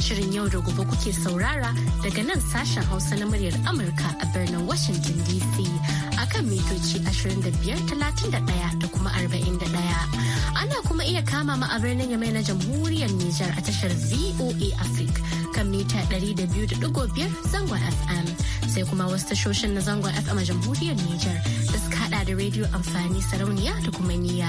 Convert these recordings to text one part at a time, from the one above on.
Shirin yau da gobe kuke saurara daga nan sashen Hausa na muryar Amurka a birnin Washington DC akan kan mitoci 25,31 da kuma 41. Ana kuma iya kama ma a birnin Yamai na Jamhuriyar Nijar a tashar VOA Africa kan mita 200.5 zangon FM. Sai kuma wasu tashoshin na zangon FM a Jamhuriyar Nijar da suka hada da rediyo amfani sarauniya da kuma niya.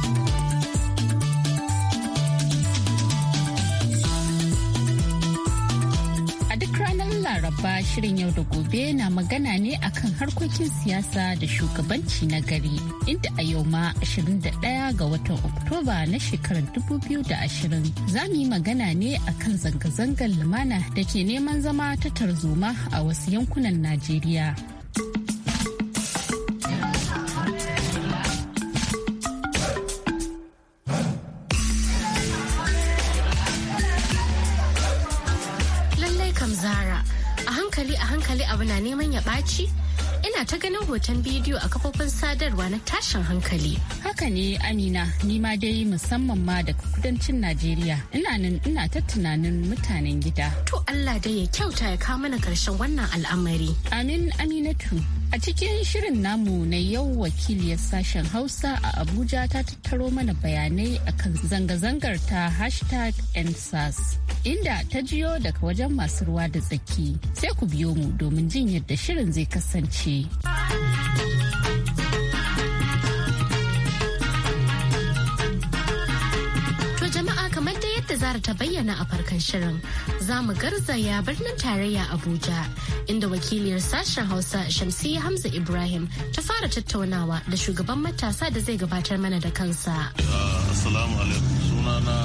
Shirin yau da gobe na magana ne akan harkokin siyasa da shugabanci na gari inda a yau ma 21 ga watan Oktoba na shekarar 2020 za mu yi magana ne akan zanga-zangar lumana da ke neman zama ta tarzoma a wasu yankunan Najeriya. hankali abu na neman ya ɓaci ina ta ganin hoton bidiyo a kafofin sadarwa na tashin hankali. Haka ne Amina, ni ma dai musamman ma daga kudancin Najeriya. Ina nan ina ta tunanin mutanen gida. To Allah dai ya kyauta ya kawo mana karshen wannan al'amari. Amin Aminatu. A cikin shirin namu na yau wakiliyar sashen Hausa a Abuja ta tattaro mana bayanai akan zanga-zangar ta hashtag NSAS inda ta jiyo daga wajen masu ruwa da tsaki. Sai ku biyo mu domin jin yadda shirin zai kasance. zara ta bayyana a farkon shirin za mu ya birnin tarayya abuja inda wakiliyar sashen hausa shamsi hamza ibrahim ta fara tattaunawa da shugaban matasa da zai gabatar mana da kansa assalamu alaikum sunana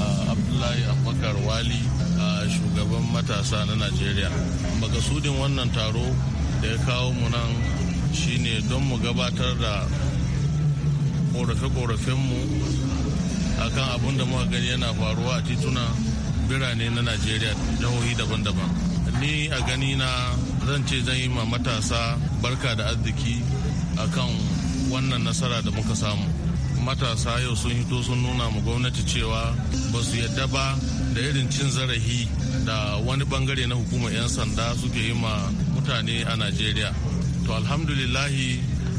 uh, abdullahi abubakar wali uh, shugaban matasa na najeriya magasudin wannan taro da ya kawo mu nan shine don mu gabatar da korafe-korafenmu akan abun da muka gani yana faruwa a tituna birane na najeriya jihohi daban-daban ni a gani na zan ce zan yi ma matasa barka da arziki akan wannan nasara da muka samu matasa yau sun hito sun nuna mu gwamnati cewa ba su yadda ba da irin cin zarafi da wani bangare na hukumar 'yan sanda suke yi ma mutane a najeriya to alhamdulillahi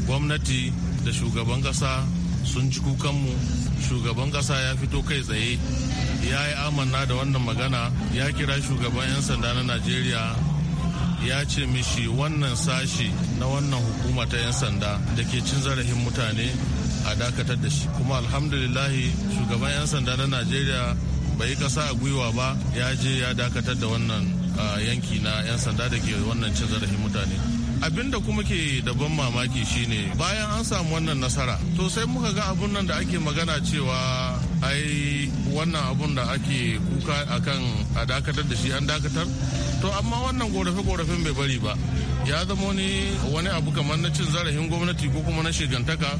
gwamnati da shugaban kasa sun ci kukanmu shugaban kasa ya fito kai tsaye ya yi amanna da wannan magana ya kira shugaban 'yan sanda na najeriya ya ce mishi wannan sashi na wannan hukuma ta 'yan sanda da ke cin zarafin mutane a dakatar da shi kuma alhamdulillahi shugaban 'yan sanda na najeriya bai yi kasa a gwiwa ba ya je ya dakatar da wannan ah, yanki na 'yan sanda da ke wannan cin zarafin mutane abin da kuma ke da ban mamaki shine bayan an samu wannan nasara to sai muka ga abun nan da ake magana cewa ai wannan abun da ake kuka akan a dakatar da shi an dakatar to amma wannan gorafe-gorafen bai bari ba ya zama wani abu kamar na cin zarafin gwamnati ko kuma na shigantaka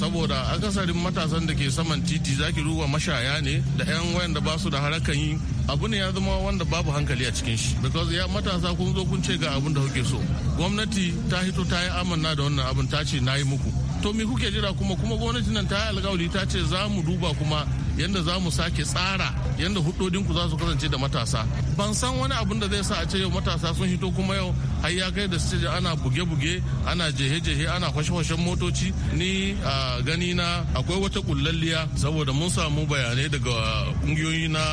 saboda akasarin matasan da ke saman titi zaki ruwa mashaya ne da 'yan wayan da basu da harakan yi abu ne ya zama wanda babu hankali a cikin shi because ya matasa kun zo kun ce ga abin da kuke so gwamnati ta hito ta yi amanna da wannan abun ta ce na yi muku to me kuke jira kuma kuma gwamnati nan ta yi alkawari ta ce za mu duba kuma yadda za mu sake tsara yadda hudodinku za su kasance da matasa ban san wani abun da zai sa a ce yau matasa sun hito kuma yau har ya kai da su ce ana buge-buge ana jehe-jehe ana kwashe kwashen motoci ni a gani na akwai wata kullalliya saboda mun samu bayanai daga kungiyoyi na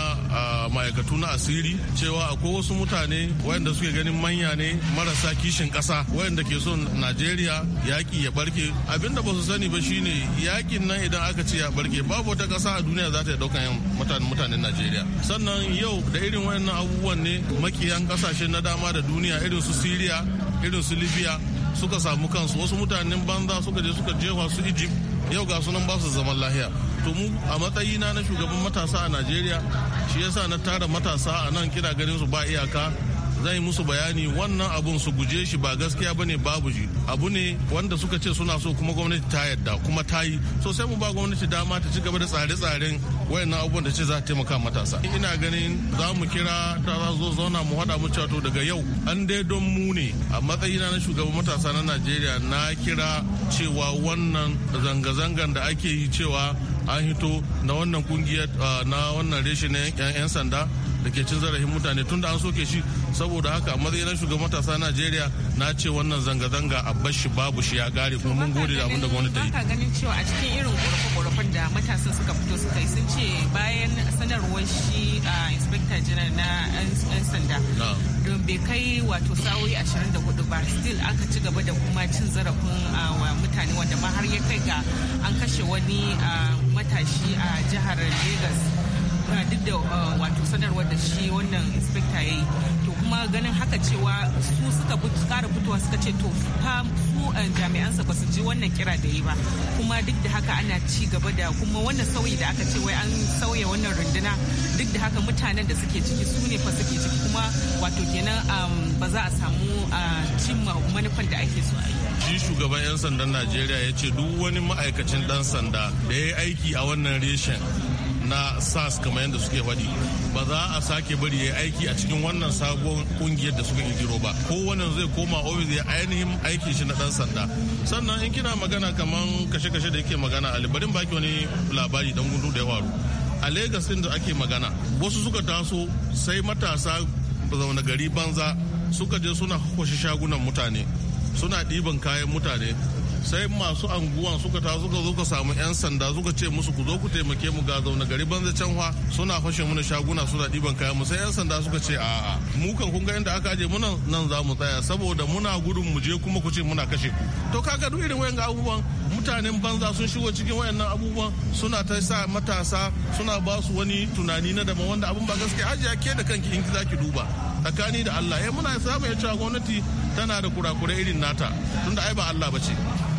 ma'aikatu na asiri cewa akwai wasu mutane wayanda suke ganin manya ne marasa kishin kasa wayanda ke son najeriya yaki ya barke abinda ba su sani ba shine yakin nan idan aka ce ya barke babu wata kasa a duniya za ta daukan yan mutanen najeriya sannan yau da irin wayannan abubuwan ne makiyan kasashe na dama da duniya irin su syria irin su libya suka samu kansu wasu mutanen banza suka je suka jefa su egypt yau ga sunan ba su zaman lahiya to mu a matsayina na shugaban matasa a najeriya shi yasa na tara matasa a nan kira ganin su ba iyaka zan yi musu bayani wannan abun su guje shi ba gaskiya bane babu shi abu ne wanda suka ce suna so kuma gwamnati ta yadda kuma ta yi so sai mu ba gwamnati dama ta ci gaba da tsare-tsaren wayannan abubuwan da ce za ta taimaka matasa ina ganin za mu kira ta za zo zauna mu haɗa mu to daga yau an dai don mu ne a matsayina na shugaban matasa na najeriya na kira cewa wannan zanga-zangan da ake yi cewa an hito na wannan kungiyar ah, na wannan reshe na 'yan sanda da ke cin zarafin mutane tun da an soke shi saboda haka a matsayin shugaban matasa najeriya na ce wannan zanga-zanga a bashi babu shi ya gare kuma mun gode da abin da gwamnati ta yi. ganin cewa a cikin irin korafin da matasan suka fito su yi sun ce bayan sanarwar shi a inspector general na 'yan sanda don bai kai wato sa'o'i 24 ba still aka ci gaba da kuma cin zarafin mutane wanda ma har ya kai ga an kashe wani matashi a jihar Legas duk da wato sanarwar da shi wannan inspector ya yi kuma ganin haka cewa su suka kara fitowa suka ce to fa su eh, jami'an sa basu ji wannan kira da yi ba kuma duk da haka ana ci gaba da kuma wannan sauyi da aka ce wai an sauya wannan runduna duk da haka mutanen da suke ciki su ne fa suke ciki kuma wato kenan ba za a samu cimma manufan da ake so a yi shi shugaban 'yan sandan najeriya ya ce duk wani ma'aikacin dan sanda da ya yi aiki a wannan reshen na sas kamar yadda suke faɗi ba za a sake bari ya aiki a cikin wannan sabon kungiyar da suka kirkiro ba ko wannan zai koma ofis ya ainihin aiki shi na dan sanda sannan in kina magana kamar kashe-kashe da yake magana a libarin baki wani labari dan gudu da yawaru a Legas din da ake magana wasu suka taso sai matasa zaune gari banza suka je suna kwashe shagunan mutane suna ɗiban kayan mutane sai masu anguwan suka ta suka zo ka samu yan sanda suka ce musu ku zo ku taimake mu ga zaune gari banza can fa suna fashe mana shaguna suna diban kayan mu sai yan sanda suka ce a'a mu kan kun ga inda aka aje mu nan za mu tsaya saboda muna gudun mu je kuma ku ce muna kashe ku to kaga duk irin wayannan abubuwan mutanen banza sun shigo cikin wayannan abubuwan suna ta sa matasa suna ba su wani tunani na daban wanda abun ba gaskiya ajiya ke da kanki in za ki duba tsakani da Allah eh muna samu ya cewa gwamnati tana da kurakurai irin nata tunda ai ba Allah bace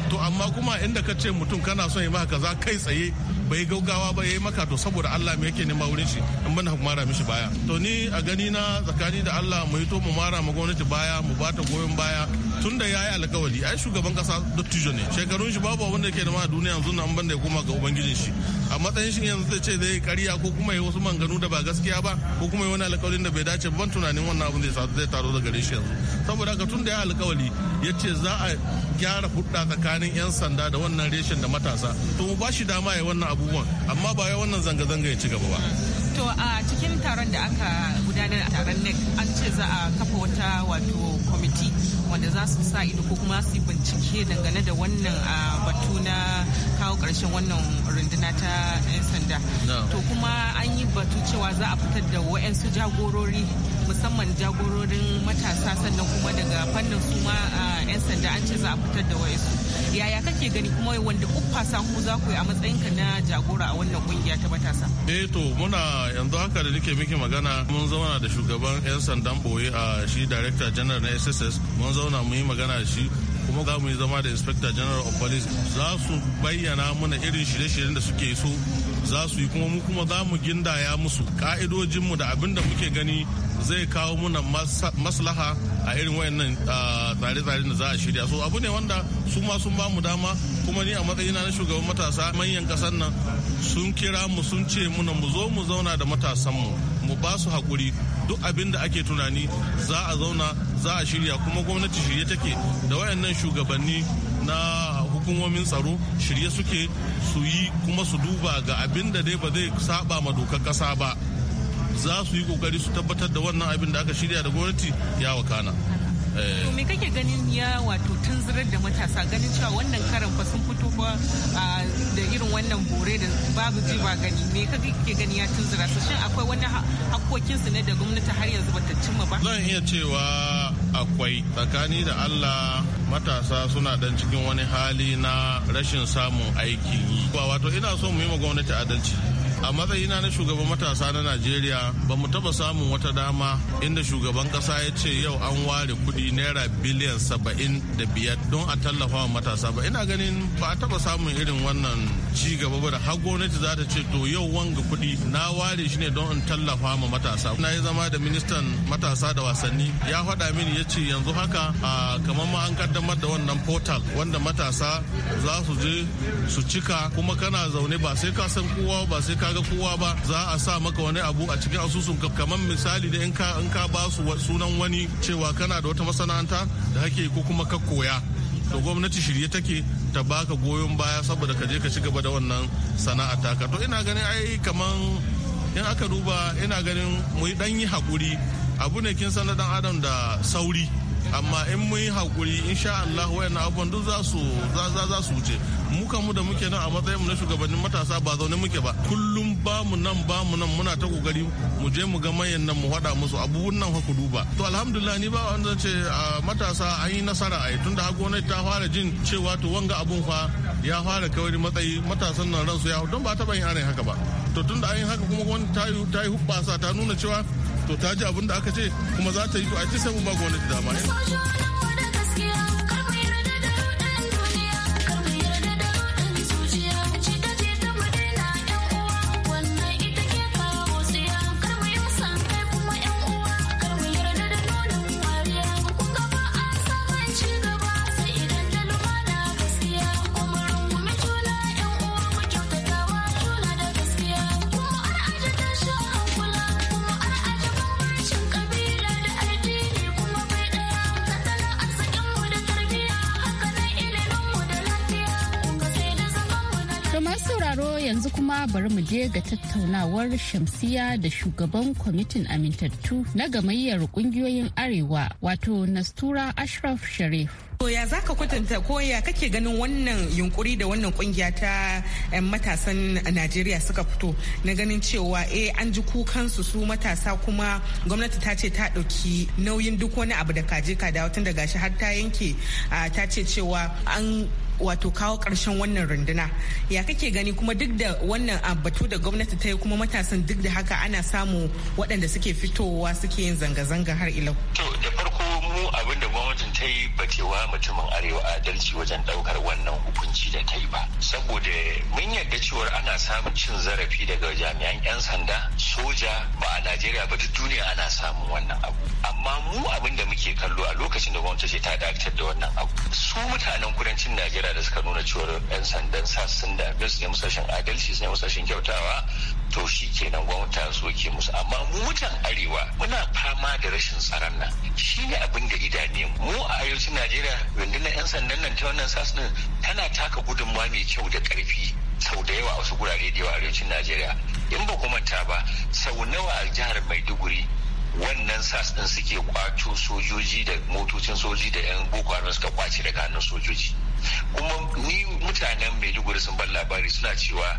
to amma kuma inda ka ce mutum kana son ya maka kaza kai tsaye bai gaugawa ba yayi maka to saboda Allah me yake nema wurin shi in bana mara mishi baya to ni a gani na tsakani da Allah mu yi to mu mara mu gwamnati baya mu bata goyon baya tun da ya yi alkawali ai shugaban kasa dattijo ne shekarun shi babu wanda da ke da ma a duniya yanzu na ban da ya koma ga ubangijin shi a matsayin shi yanzu zai ce zai yi karya ko kuma yi wasu manganu da ba gaskiya ba ko kuma yi wani alkawalin da bai dace ban tunanin wannan abin zai zai taro da gare shi yanzu saboda haka tun da ya alkawali ya ce za a gyara hudda tsakanin yan sanda da wannan reshen da matasa to mu ba shi dama ya wannan abubuwan amma ba ya wannan zanga-zanga ya ci gaba ba to a cikin taron da aka gudanar a taron nek an ce za a kafa wata wato kwamiti wanda za su sa ido ko kuma su yi bincike dangane da wannan batu na kawo ƙarshen wannan runduna ta 'yan sanda to kuma batu cewa za a fitar da wa'yansu jagorori musamman jagororin matasa sannan kuma daga fannin su ma 'yan sanda an ce za a fitar da wa'yansu yaya kake gani kuma wanda uffasa samu za ku yi a matsayinka na jagora a wannan kungiya ta matasa eh to muna yanzu haka da nake miki magana mun zauna da shugaban 'yan sandan boye a shi director general na sss mun zauna mu yi magana da shi kuma za mu yi zama da inspector general of police za su bayyana mana irin shirye-shiryen da suke so za su yi kuma mu kuma za mu gindaya musu ka'idojinmu da abin da muke gani zai kawo muna maslaha a irin wayannan tsare-tsare da za a shirya so abu ne wanda su ma sun ba mu dama kuma ni a matsayina na shugaban matasa manyan kasar nan sun kira mu sun ce muna mu zo mu zauna da matasanmu mu ba su hakuri duk abin da ake tunani za a zauna za a shirya kuma gwamnati shirye take da wayannan shugabanni na hukumomin tsaro shirye suke su yi kuma su duba ga abin da dai ba zai saba ma dokar kasa ba za su yi kokari su tabbatar da wannan abin da aka shirya da gwamnati ya wakana. Eh. To me kake ganin ya wato tunzirar da matasa ganin cewa wannan karan fa sun fito fa da irin wannan bore da babu ji ba gani me kake gani ya zira su shin akwai wani hakokin su ne da gwamnati har yanzu bata cimma ba zan iya cewa akwai tsakani da Allah matasa suna dan cikin wani hali na rashin samun aikin yi. Wato ina so mu yi ma gwamnati adalci. a matsayina na shugaban matasa na najeriya ba mu taba samun wata dama inda shugaban kasa ya ce yau an ware kudi naira biliyan saba'in da biyar don a tallafa wa matasa ba ina ganin ba a taba samun irin wannan ci gaba ba da har gwamnati za ta ce to yau wanga kudi na ware shi ne don in tallafa ma matasa na yi zama da ministan matasa da wasanni ya faɗa mini ya ce yanzu haka a kamar ma an kaddamar da wannan portal wanda matasa za su je su cika kuma kana zaune ba sai ka san kowa ba sai ka kaga kowa ba za a sa maka wani abu a cikin asusun kamar misali da in ka in ka ba su sunan wani cewa kana da wata masana'anta da hake ko kuma ka koya to gwamnati shirye take ta baka goyon baya saboda ka je ka ci gaba da wannan sana'a taka to ina ganin ai kaman in aka duba ina ganin mu dan yi hakuri abu ne kin san dan adam da sauri amma in mun yi hakuri insha Allah wayannan abubuwan duk za su za su wuce mu mu da muke nan a matsayin mu na shugabannin matasa ba zaune muke ba kullum ba mu nan ba mu nan muna ta kokari mu je mu ga mayan nan mu faɗa musu abubuwan nan ku duba to alhamdulillah ni ba wanda ce matasa an yi nasara ai tunda har gwamnati ta fara jin cewa to wanga abun fa ya fara kawai matsayi matasan nan ransu ya don ba taɓa yin arin haka ba to tunda an yi haka kuma wani ta yi hubbasa ta nuna cewa to ta ji abin da aka ce kuma za ta yi to a ci sai mu ba gwamnati dama. Eh. bari mu je ga tattaunawar Shamsiya da shugaban kwamitin amintattu na gamayyar kungiyoyin Arewa wato Nastura Ashraf Sharif. To ya za ka kwatanta ko ya kake ganin wannan yunkuri da wannan kungiya ta eh, matasan Najeriya suka fito na ganin cewa eh an ji kukansu su matasa kuma gwamnati ta ce ta ɗauki nauyin duk wani abu da kaje ka dawo tun daga shi har ta yanke ah, ta ce cewa an wato kawo ƙarshen wannan runduna ya kake gani kuma duk da wannan batu da gwamnati ta yi kuma matasan duk da haka ana samu waɗanda suke fitowa suke yin zanga-zanga har ilau. to da farko mu abin da gwamnatin ta yi ba wa mutumin arewa adalci wajen daukar wannan hukunci da ta yi ba saboda mun yarda cewar ana samun cin zarafi daga jami'an 'yan sanda soja ba a najeriya ba duk duniya ana samun wannan abu amma mu abin da muke kallo a lokacin da gwamnati ce ta dakatar da wannan abu su mutanen kudancin najeriya da suka nuna cewar 'yan sandan sa sun da su ne musashen adalci su ne musashen kyautawa to shi kenan gwamnati ta soke musu amma mu mutan arewa muna fama da rashin tsaron nan shi ne abin da idane mu a arewacin najeriya rundunar 'yan sandan nan ta wannan sasunan tana taka gudunmawa mai kyau da karfi sau da yawa a wasu gurare da yawa a arewacin najeriya in ba kuma ta ba sau nawa a jihar maiduguri wannan sas din suke kwato sojoji da motocin soji da yan boko haram suka kwace daga hannun sojoji kuma ni mutanen maiduguri sun ban labari suna cewa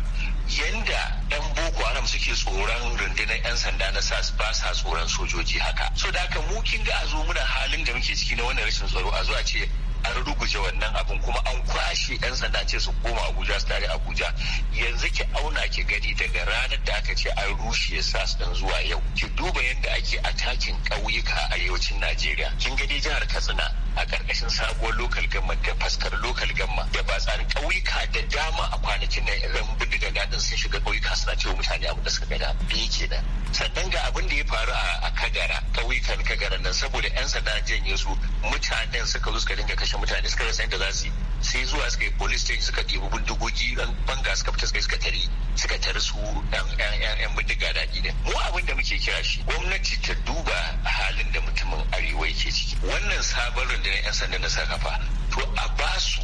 yanda yan boko haram suke tsoron rundunar yan sanda na sas ba sa tsoron sojoji haka so da haka mu kin ga a zo muna halin da muke ciki na wannan rashin tsaro a zo a ce an ruguje wannan abin kuma an kwashe yan sanda ce su koma abuja su tare abuja yanzu ki auna ki gani daga ranar da aka ce an rushe sas din zuwa yau ki duba yadda ake atakin ƙauyuka a yawancin najeriya kin gani jihar katsina a ƙarƙashin sabuwar lokal gamma da faskar lokal gama da ba tsarin ƙauyuka da dama a kwanakin nan idan bindiga gadin sun shiga ƙauyuka suna cewa mutane abin da suka gada biyu nan sannan ga abin da ya faru a kagara ƙauyukan kagara nan saboda 'yan sanda janye su mutanen suka zo suka dinga kashe mutane suka rasa yadda za su yi sai zuwa suka yi police station suka ɗebi bindigogi banga suka fita suka tare suka tare su ɗan bindiga daɗi da mu abin da muke kira shi gwamnati ta duba halin da mutumin arewa yake ciki wannan sabon rundunar yan sanda na sarrafa to a basu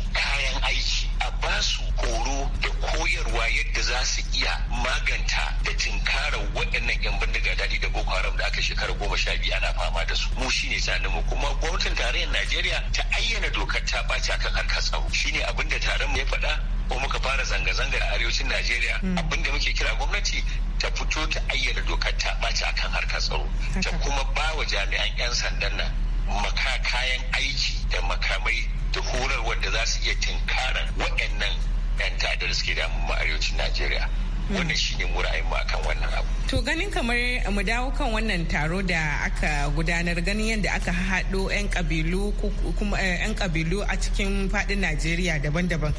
aiki a ba su horo da koyarwa yadda za su iya maganta da tinkara waɗannan 'yan bindiga daɗi da boko haram da aka shekara goma sha biyu ana fama da su mu shine sani mu kuma gwamnatin tarayyar najeriya ta ayyana dokar ta ɓaci akan harkar tsaro shine abin da taron mu ya faɗa ko muka fara zanga-zanga a arewacin najeriya hmm. abin da muke kira gwamnati ta fito ta ayyana dokar ta ɓaci akan harkar tsaro ta kuma ba wa jami'an 'yan sandan nan maka kayan aiki da makamai da horarwar da za su iya tinkarar waɗannan 'yan da suke damun arewacin najeriya wannan ne mu ra'ayin mu kan wannan abu to ganin kamar mu dawo kan wannan taro da aka gudanar ganin yadda aka haɗo 'yan eh, ƙabilu a cikin faɗin Najeriya daban-daban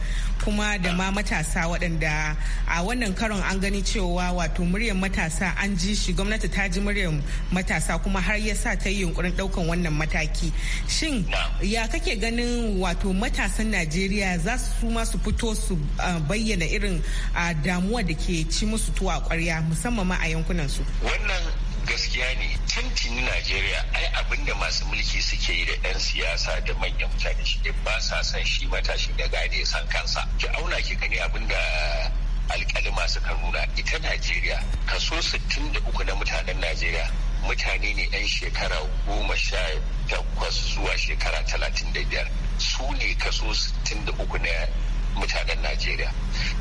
kuma da ma matasa waɗanda a wannan karon an gani cewa wato muryar matasa an ji shi gwamnati ta ji muryar matasa kuma har ya sa ta yi yunkurin ɗaukan wannan mataki shin ya kake ganin wato matasan Najeriya za su su fito su eh, bayyana irin eh, damuwa da ke bai ci musu tuwa kwarya musamman ma a yankunan su wannan gaskiya ne tantini najeriya ai abin da masu mulki suke yi da 'yan siyasa da manyan mutane shi ne ba sa son shi matashi da gane san kansa ki auna ki gani abin da alkalima suka nuna ita najeriya kaso 63 na mutanen najeriya mutane ne 'yan shekara goma sha takwas zuwa shekara talatin da biyar su ne kaso 63 na mutanen najeriya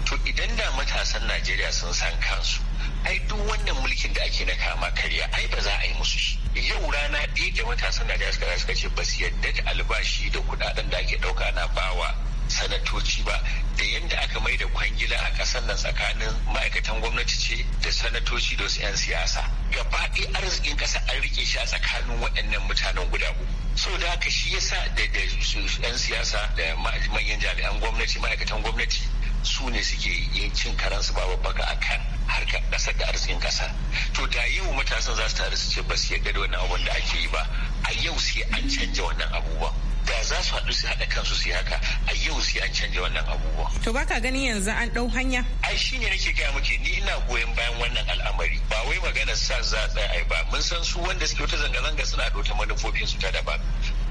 to idan da matasan najeriya sun san kansu ai duk wannan mulkin da ake na kama karya ai ba za a yi musu shi yau rana ɗaya da matasan najeriya suka ce ba su yadda da albashi da kuɗaɗen da ake ɗauka na bawa sanatoci ba da yadda aka mai da kwangila a kasar nan tsakanin ma'aikatan gwamnati ce da sanatoci da wasu 'yan siyasa gaba arzikin ƙasa an rike shi a tsakanin waɗannan mutanen guda uku so da haka shi yasa da da 'yan siyasa da manyan jami'an gwamnati ma'aikatan gwamnati su ne suke yin cin karansu ba babbaka a kan harkar kasar da arzikin ƙasa to da yau matasan za su taru su ce ba su yarda da wannan abun da ake yi ba a yau sai an canja wannan abubuwan da za su haɗu su haɗa kansu su yi haka a yau sai an canja wannan abubuwan. To ba ka gani yanzu an ɗau hanya? Ai shi ne nake gaya muke ni ina goyon bayan wannan al'amari ba wai magana sa za ai ba mun san su wanda suke wata zanga-zanga suna ɗauta manufofin su ta daban.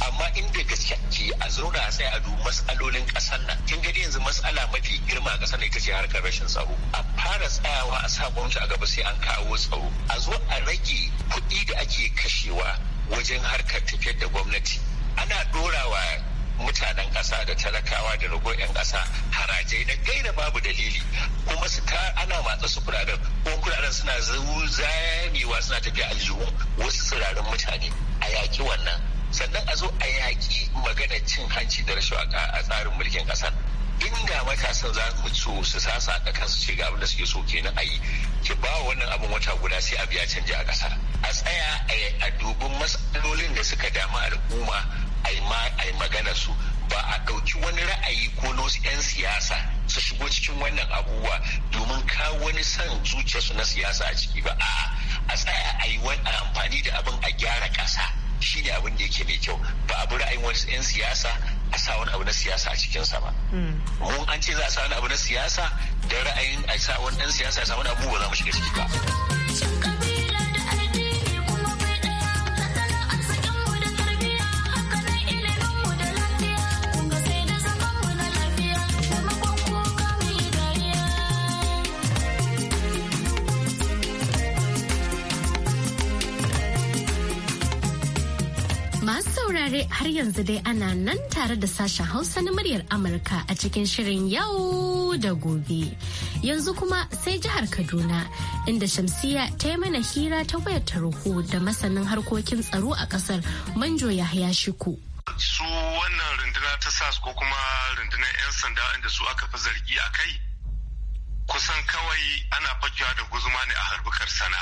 Amma inda gaske ke a zauna a tsaya a dubi matsalolin ƙasar nan. Kin gani yanzu matsala mafi girma a ƙasar ita ce harkar rashin tsaro. A fara tsayawa a sa gwamnati a gaba sai an kawo tsaro. A zo a rage kuɗi da ake kashewa wajen harkar tafiyar da gwamnati ana ɗorawa mutanen ƙasa da talakawa da rago 'yan ƙasa harajai na gaira babu dalili kuma su ta ana matsa su kuraren ko kuraren suna zamewa suna tafiya aljihun wasu tsirarin mutane a yaƙi wannan sannan a zo a yaƙi maganar cin hanci da rashawa a tsarin mulkin ƙasar inda matasan za mu so su sasa da kansu ce ga abin da suke so kenan a yi ki ba wannan abin wata guda sai a biya canji a ƙasar a tsaya a dubi matsalolin da suka damu al'umma a yi magana su ba a ɗauki wani ra'ayi ko na wasu 'yan siyasa su shigo cikin wannan abubuwa domin kawo wani son zuciyarsu na siyasa a ciki ba a a tsaya a yi amfani da abin a gyara ƙasa shi ne abin da yake mai kyau ba a bi ra'ayin wasu 'yan siyasa a sa wani abu na siyasa a cikinsa ba hmm. mun an ce za a sa wani abu na siyasa da ra'ayin a sa wani 'yan siyasa a sa wani abu ba za mu shiga ciki ba. yanzu dai ana nan tare da sashen Hausa na muryar Amurka a cikin shirin yau da gobe. Yanzu kuma sai jihar Kaduna inda Shamsiya ta yi mana hira ta wayar tarho da masanin harkokin tsaro a kasar Manjo Yahaya Shiku. Su wannan runduna ta SAS ko kuma rundunar 'yan sanda inda su aka fi zargi a kai kusan kawai ana fakewa da guzuma ne a harbukar sana.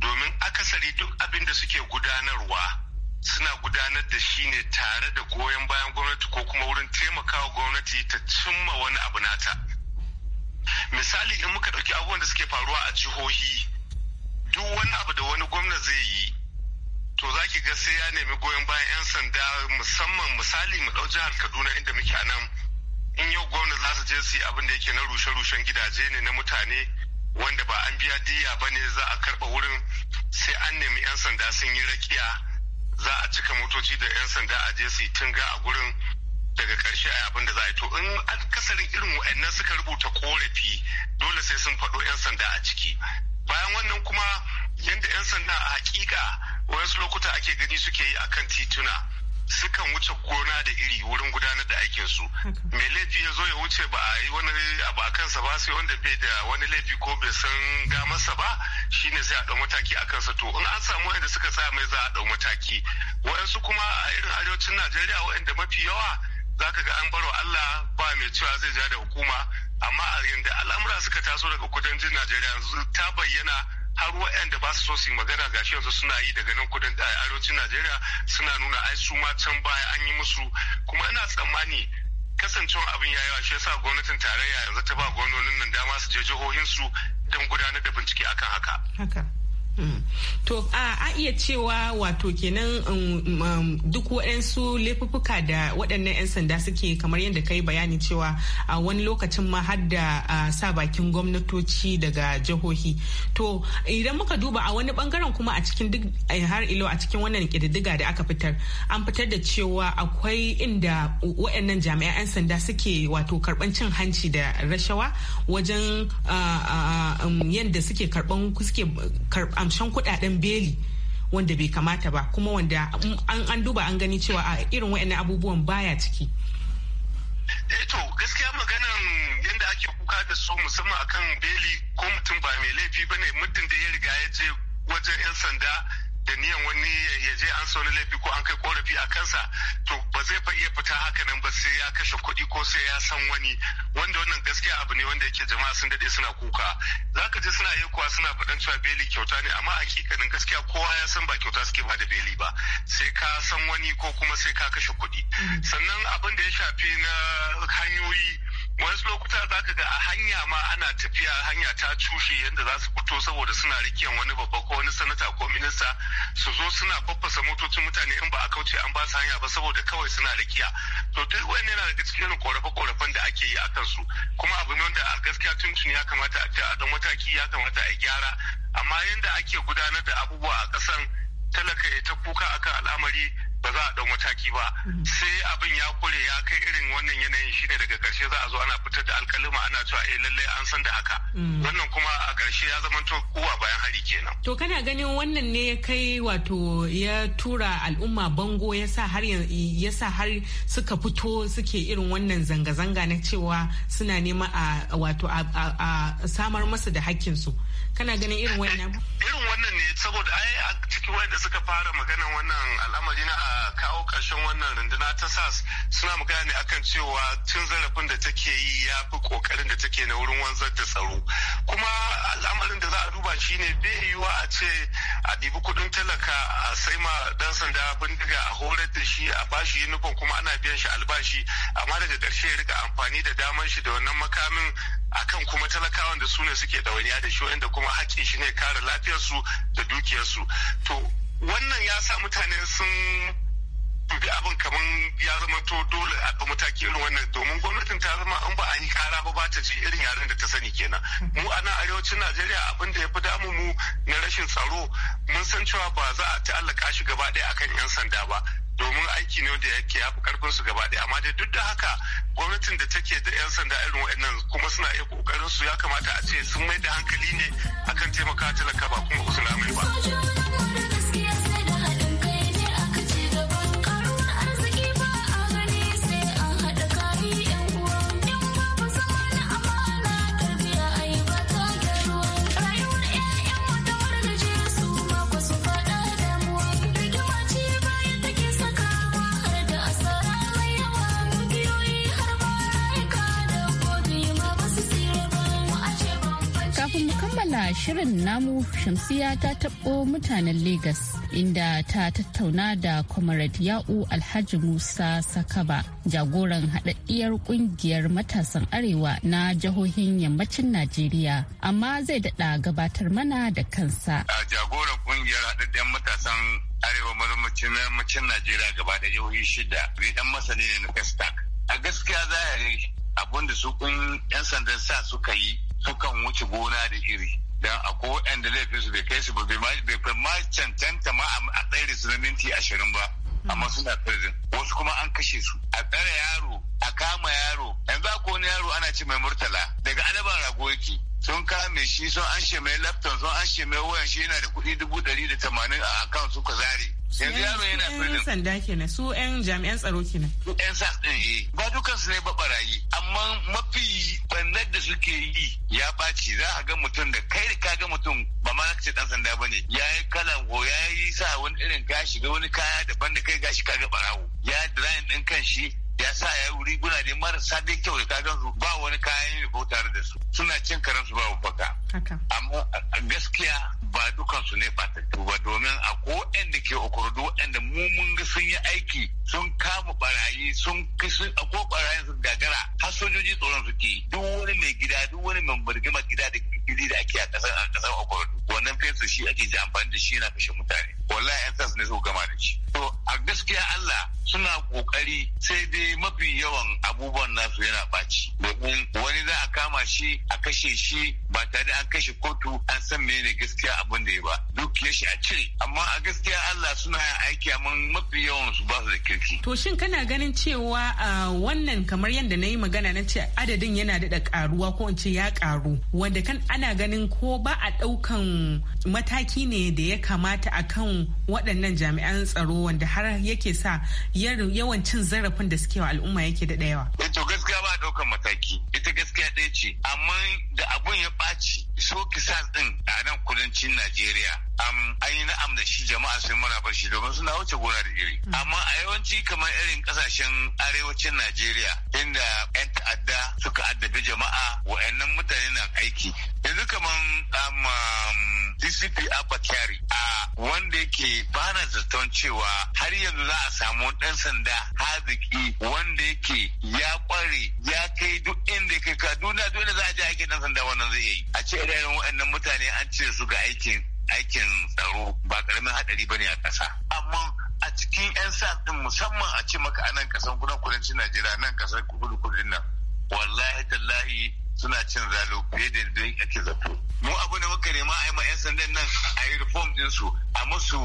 Domin akasari duk abin da suke gudanarwa suna gudanar da shi ne tare da goyon bayan gwamnati ko kuma wurin taimakawa gwamnati ta cimma wani abu nata misali in muka ɗauki abubuwan da suke faruwa a jihohi duk wani abu da wani gwamna zai yi to za ki ga sai ya nemi goyon bayan 'yan sanda musamman misali mu ɗau jihar kaduna inda muke a nan in yau gwamna za su je su yi abin da yake na rushe-rushen gidaje ne na mutane wanda ba an biya diya ba ne za a karɓa wurin sai an nemi 'yan sanda sun yi rakiya za a cika motoci da 'yan sanda a je su tunga a gurin daga karshe a abin da za a yi to in akasarin irin wa'annan suka rubuta korafi dole sai sun faɗo 'yan sanda a ciki bayan wannan kuma yadda 'yan sanda a hakika wasu lokuta ake gani suke yi akan tituna sukan wuce gona da iri wurin gudanar da aikin su mai laifi ya zo ya wuce ba a yi wani abu a kansa ba sai wanda bai da wani laifi ko bai san masa ba shine sai a ɗau mataki a kansa to in an samu wanda suka tsaya mai za a ɗau mataki wayansu kuma a irin arewacin najeriya waɗanda mafi yawa zaka ga an baro allah ba mai cewa zai ja da hukuma amma a yanda al'amura suka taso daga kudancin najeriya yanzu ta bayyana har waɗanda ba su so su yi magana gashi yanzu suna yi daga nan kudin arewacin najeriya suna nuna ai su ma can baya an yi musu kuma ina tsammani kasancewar abin ya yawa shi yasa gwamnatin tarayya yanzu ta ba gwamnonin nan dama su je jihohin su don gudanar da bincike akan haka. To a iya cewa wato kenan um, um, duk waɗansu laifuffuka da waɗannan 'yan sanda suke kamar yadda ka yi bayani cewa a wani lokacin ma har da sa bakin gwamnatoci daga jihohi. To idan muka duba a wani bangaren kuma a cikin duk eh, har ilo a cikin wannan ƙididdiga da aka fitar an fitar da cewa akwai inda waɗannan jami'an 'yan sanda suke wato karban cin hanci da rashawa wajen um, yadda suke karɓan amshan kudaden beli wanda bai kamata ba kuma wanda an duba an gani cewa a irin waɗannan abubuwan baya ciki eh to gaskiya maganan yadda ake kuka da su musamman akan beli ko mutum ba mai laifi ba ne muddin da ya riga ya je wajen 'yan sanda da niyan wani ya je an wani laifi ko an kai korafi a kansa to ba zai fa iya fita haka nan ba sai ya kashe kuɗi ko sai ya san wani wanda wannan gaskiya abu ne wanda yake jama'a sun daɗe suna kuka zaka je suna yekuwa suna faɗan cewa beli kyauta ne amma hakikanin gaskiya kowa ya san ba kyauta suke ba da beli ba sai ka san wani ko kuma sai ka kashe kuɗi mm-hmm. sannan abin da ya shafi na hanyoyi wasu lokuta za ka ga a hanya ma ana tafiya hanya ta cushe yadda za su fito saboda suna rikiyan wani babba ko wani sanata ko minista su zo suna faffasa motocin mutane in ba a kauce an ba su hanya ba saboda kawai suna rikiya to duk wani yana daga cikin korafe-korafen da ake yi a kansu kuma abu ne wanda a gaskiya tuntuni ya kamata a ce a dan mataki ya kamata a gyara amma yadda ake gudanar da abubuwa a kasan talaka ya ta kuka akan al'amari ba za a ɗau mataki ba mm-hmm. sai abin ya kure ya kai irin wannan yanayin shine daga ƙarshe za a zo ana fitar da alkalima ana cewa eh lallai an san da haka mm-hmm. wannan kuma a ƙarshe ya zama to kuwa bayan hari kenan to kana ganin wannan ne ya kai wato ya tura al'umma bango ya sa har ya sa har suka fito suke irin wannan zanga-zanga na cewa suna nema a wato a samar masa da hakkin su kana ganin irin wannan irin wannan ne saboda ai a cikin wanda suka fara magana wannan al'amari na a kawo ƙarshen wannan runduna ta sas suna magana ne akan cewa cin zarafin da take yi ya fi ƙoƙarin da take na wurin wanzar da tsaro kuma al'amarin da za a duba shine bai yiwuwa a ce a ɗibi kuɗin talaka a sai ma dan sanda bindiga a horar da shi a bashi yunifom kuma ana biyan shi albashi amma daga ƙarshe ya rika amfani da damar shi da wannan makamin akan kuma talakawan da su ne suke dawaniya da shi wanda kuma haƙƙin shi ne kare lafiyarsu da dukiyarsu to wannan ya sa mutane sun bi abin kamar ya zama to dole a ɗau mataki irin wannan domin gwamnatin ta zama an ba an yi kara ba ta ji irin yaren da ta sani kenan mu a nan arewacin najeriya abin da ya fi damu mu na rashin tsaro mun san cewa ba za a ta'allaka shi gaba ɗaya akan 'yan sanda ba domin aiki ne da yake yafi karfin su gaba ɗaya amma dai duk da haka gwamnatin da take da 'yan sanda irin wannan kuma suna iya kokarin su ya kamata a ce sun mai da hankali ne akan taimaka talaka ba kuma usulamai ba. a shirin namu Shamsiya ta taɓo mutanen Legas inda ta tattauna da Comrade Ya'u Alhaji Musa Sakaba jagoran haɗaɗɗiyar ƙungiyar matasan Arewa na jihohin yammacin Najeriya amma zai daɗa gabatar mana da kansa. Jagoran ƙungiyar haɗaɗɗiyar matasan Arewa yammacin Najeriya gaba da jihohi shida, ɗan masani ne na Festac. A gaskiya zahiri abun da su kun 'yan sandan sa suka yi sukan wuce gona da iri dan akwai waɗanda laifin su bai kai su bai ma cancanta ma a tsere su na minti ashirin ba amma hmm. suna prison wasu kuma an kashe su a tsare yaro a kama yaro yanzu ko wani yaro ana ci mai murtala daga alaban rago yake sun kame shi sun an mai laptop sun an mai wayan shi yana da kuɗi dubu ɗari da tamanin a account suka zare yanzu yaro yana prison yan sanda kenan su yan jami'an tsaro kenan yan sas din eh ba dukansu ne ba barayi amma mafi bannar da suke yi ya ɓaci za a ga mutum da kai ka ga mutum ba ma ce dan sanda bane ya yi kalan ko ya yi sa wani irin gashi ga wani kaya daban da kai gashi kaga barawo ya dirayin din kan shi ya sa ya wuri guna ne marasa dai kyau da gan su ba wani kayan yi ko tare da su suna cin karansu ba baka amma gaskiya ba dukansu ne batattu ba domin a ko da ke okurdu da mu mun ga sun yi aiki sun kama barayi sun kisu a ko barayin sun gagara har sojoji tsoron suke duk wani mai gida duk wani mai gida da gidi da ake a kasar a kasar okurdu wannan fesa shi ake ji amfani da shi yana kashe mutane wallahi yan sas ne su gama da shi to a gaskiya Allah suna kokari sai dai mafi yawan abubuwan nasu yana baci domin wani za a kama shi a kashe shi ba tare an kashe kotu an san menene gaskiya abin da ya ba ya shi a cire amma a gaskiya Allah suna aiki amma mafi yawan su ba su da kirki to shin kana ganin cewa wannan kamar yadda na yi magana na ce adadin yana daɗa karuwa ko in ce ya karu wanda kan ana ganin ko ba a ɗaukan mataki ne da ya kamata akan waɗannan jami'an tsaro wanda har yake sa yawan cin zarafin da suke wa al'umma yake da yawa. Eh to gaskiya ba a ɗaukan mataki ita gaskiya ɗaya ce amma da abun ya ɓaci sa din a nan kudancin Najeriya an yi na'am da shi jama'a sun bar shi domin suna wuce gona da iri. Hmm. Amma a yawanci kamar irin kasashen arewacin Najeriya inda 'yan ta'adda suka addabi jama'a wa'annan mutane na aiki. Yanzu kamar DCP Abba a wanda yake bana zaton cewa har yanzu za a samu ɗan sanda haziki wanda yake ya kware ya kai duk inda ka kai kaduna inda za a je ake ɗan sanda wannan zai yi. A ce irin waɗannan mutane an cire su ga aikin aikin tsaro ba karamin hadari ne a ƙasa amma a cikin 'yan sa din musamman a ce maka a nan kuna-kuna kudancin najeriya nan ƙasar kudu kudin nan wallahi tallahi suna cin zalo fiye da yadda ake zato mu abu ne muka nema a yi ma 'yan sandan nan a yi reform ɗinsu a musu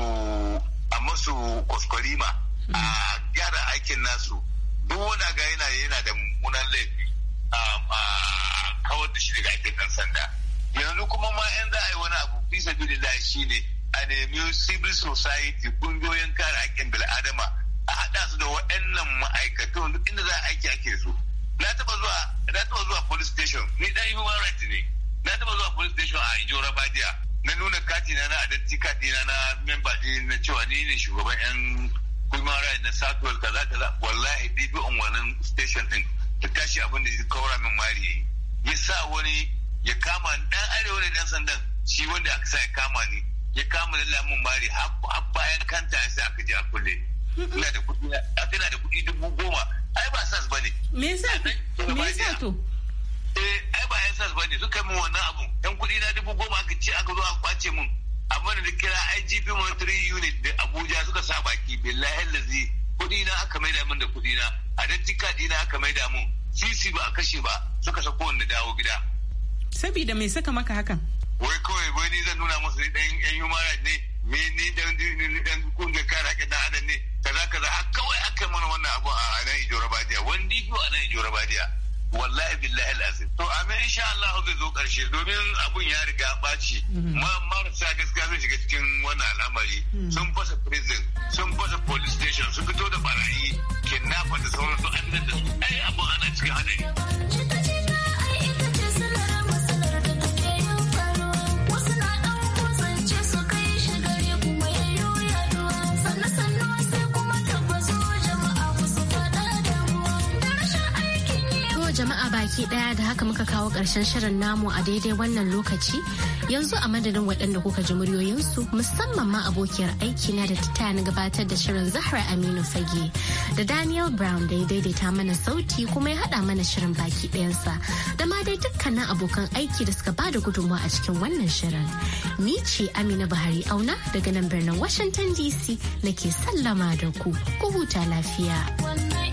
a musu a gyara aikin nasu duk wani ga yana yana da munan laifi a kawar da shi daga aikin ɗan sanda yanzu kuma ma yan za a yi wani abu fi sabi da shi ne a nemi civil society kungiyoyin kare haƙƙin bil'adama a haɗa su da waɗannan ma'aikatan duk inda za a aiki ake su na taɓa zuwa na taɓa zuwa police station ni dan human rights ne na taɓa zuwa police station a ijora badia na nuna kati na na adalci kati na na member na cewa ni ne shugaban yan human rights na southwell kaza kaza wallahi bibi on wannan station din da tashi abin da ya kaura min mari ya sa wani ya kama ni dan arewa ne dan sandan shi wanda aka sa ya kama ni ya kama ni lamun mari har bayan kanta ya sa aka je a kulle ina da kuɗi ina da kudi dubu goma ai ba sas bane me yasa me yasa to eh ai ba yan sas bane suka min wannan abun yan kuɗi na dubu goma aka ce aka zo a kwace mun amma da kira IGP monitoring unit da Abuja suka sa baki billahi lazi kuɗi na aka maida min da kuɗi na a dan tikadi na aka maida mun sisi ba a kashe ba suka sako wanda dawo gida Sabida mai saka maka hakan? Wai kawai wai ni zan nuna musu dan yan human ne, me ni dan dan kungiyar kare haƙƙin dan adam ne, kaza kaza har kawai aka mana wannan abu a nan Ijora Badiya, wani biyu a nan Ijora Badiya. Wallahi billahi al'azim. To amma insha Allah zai zo ƙarshe domin abun ya riga ɓaci. Mhm. Marasa gaskiya zai shiga cikin wannan al'amari. Mhm. Sun fasa prison, sun fasa police station, sun fito da barayi, kidnapper da sauransu an da su. Ai abun ana cikin hadari. baki daya da haka muka kawo karshen shirin namu a daidai wannan lokaci yanzu a madadin waɗanda kuka ji muryoyinsu musamman ma abokiyar aiki na da ta na gabatar da shirin zahra aminu fage da daniel brown da ya daidaita mana sauti kuma ya haɗa mana shirin baki ɗayansa da ma dai dukkanin abokan aiki da suka bada gudunmawa a cikin wannan shirin ni ce amina buhari auna daga nan birnin washington dc nake sallama da ku ku huta lafiya.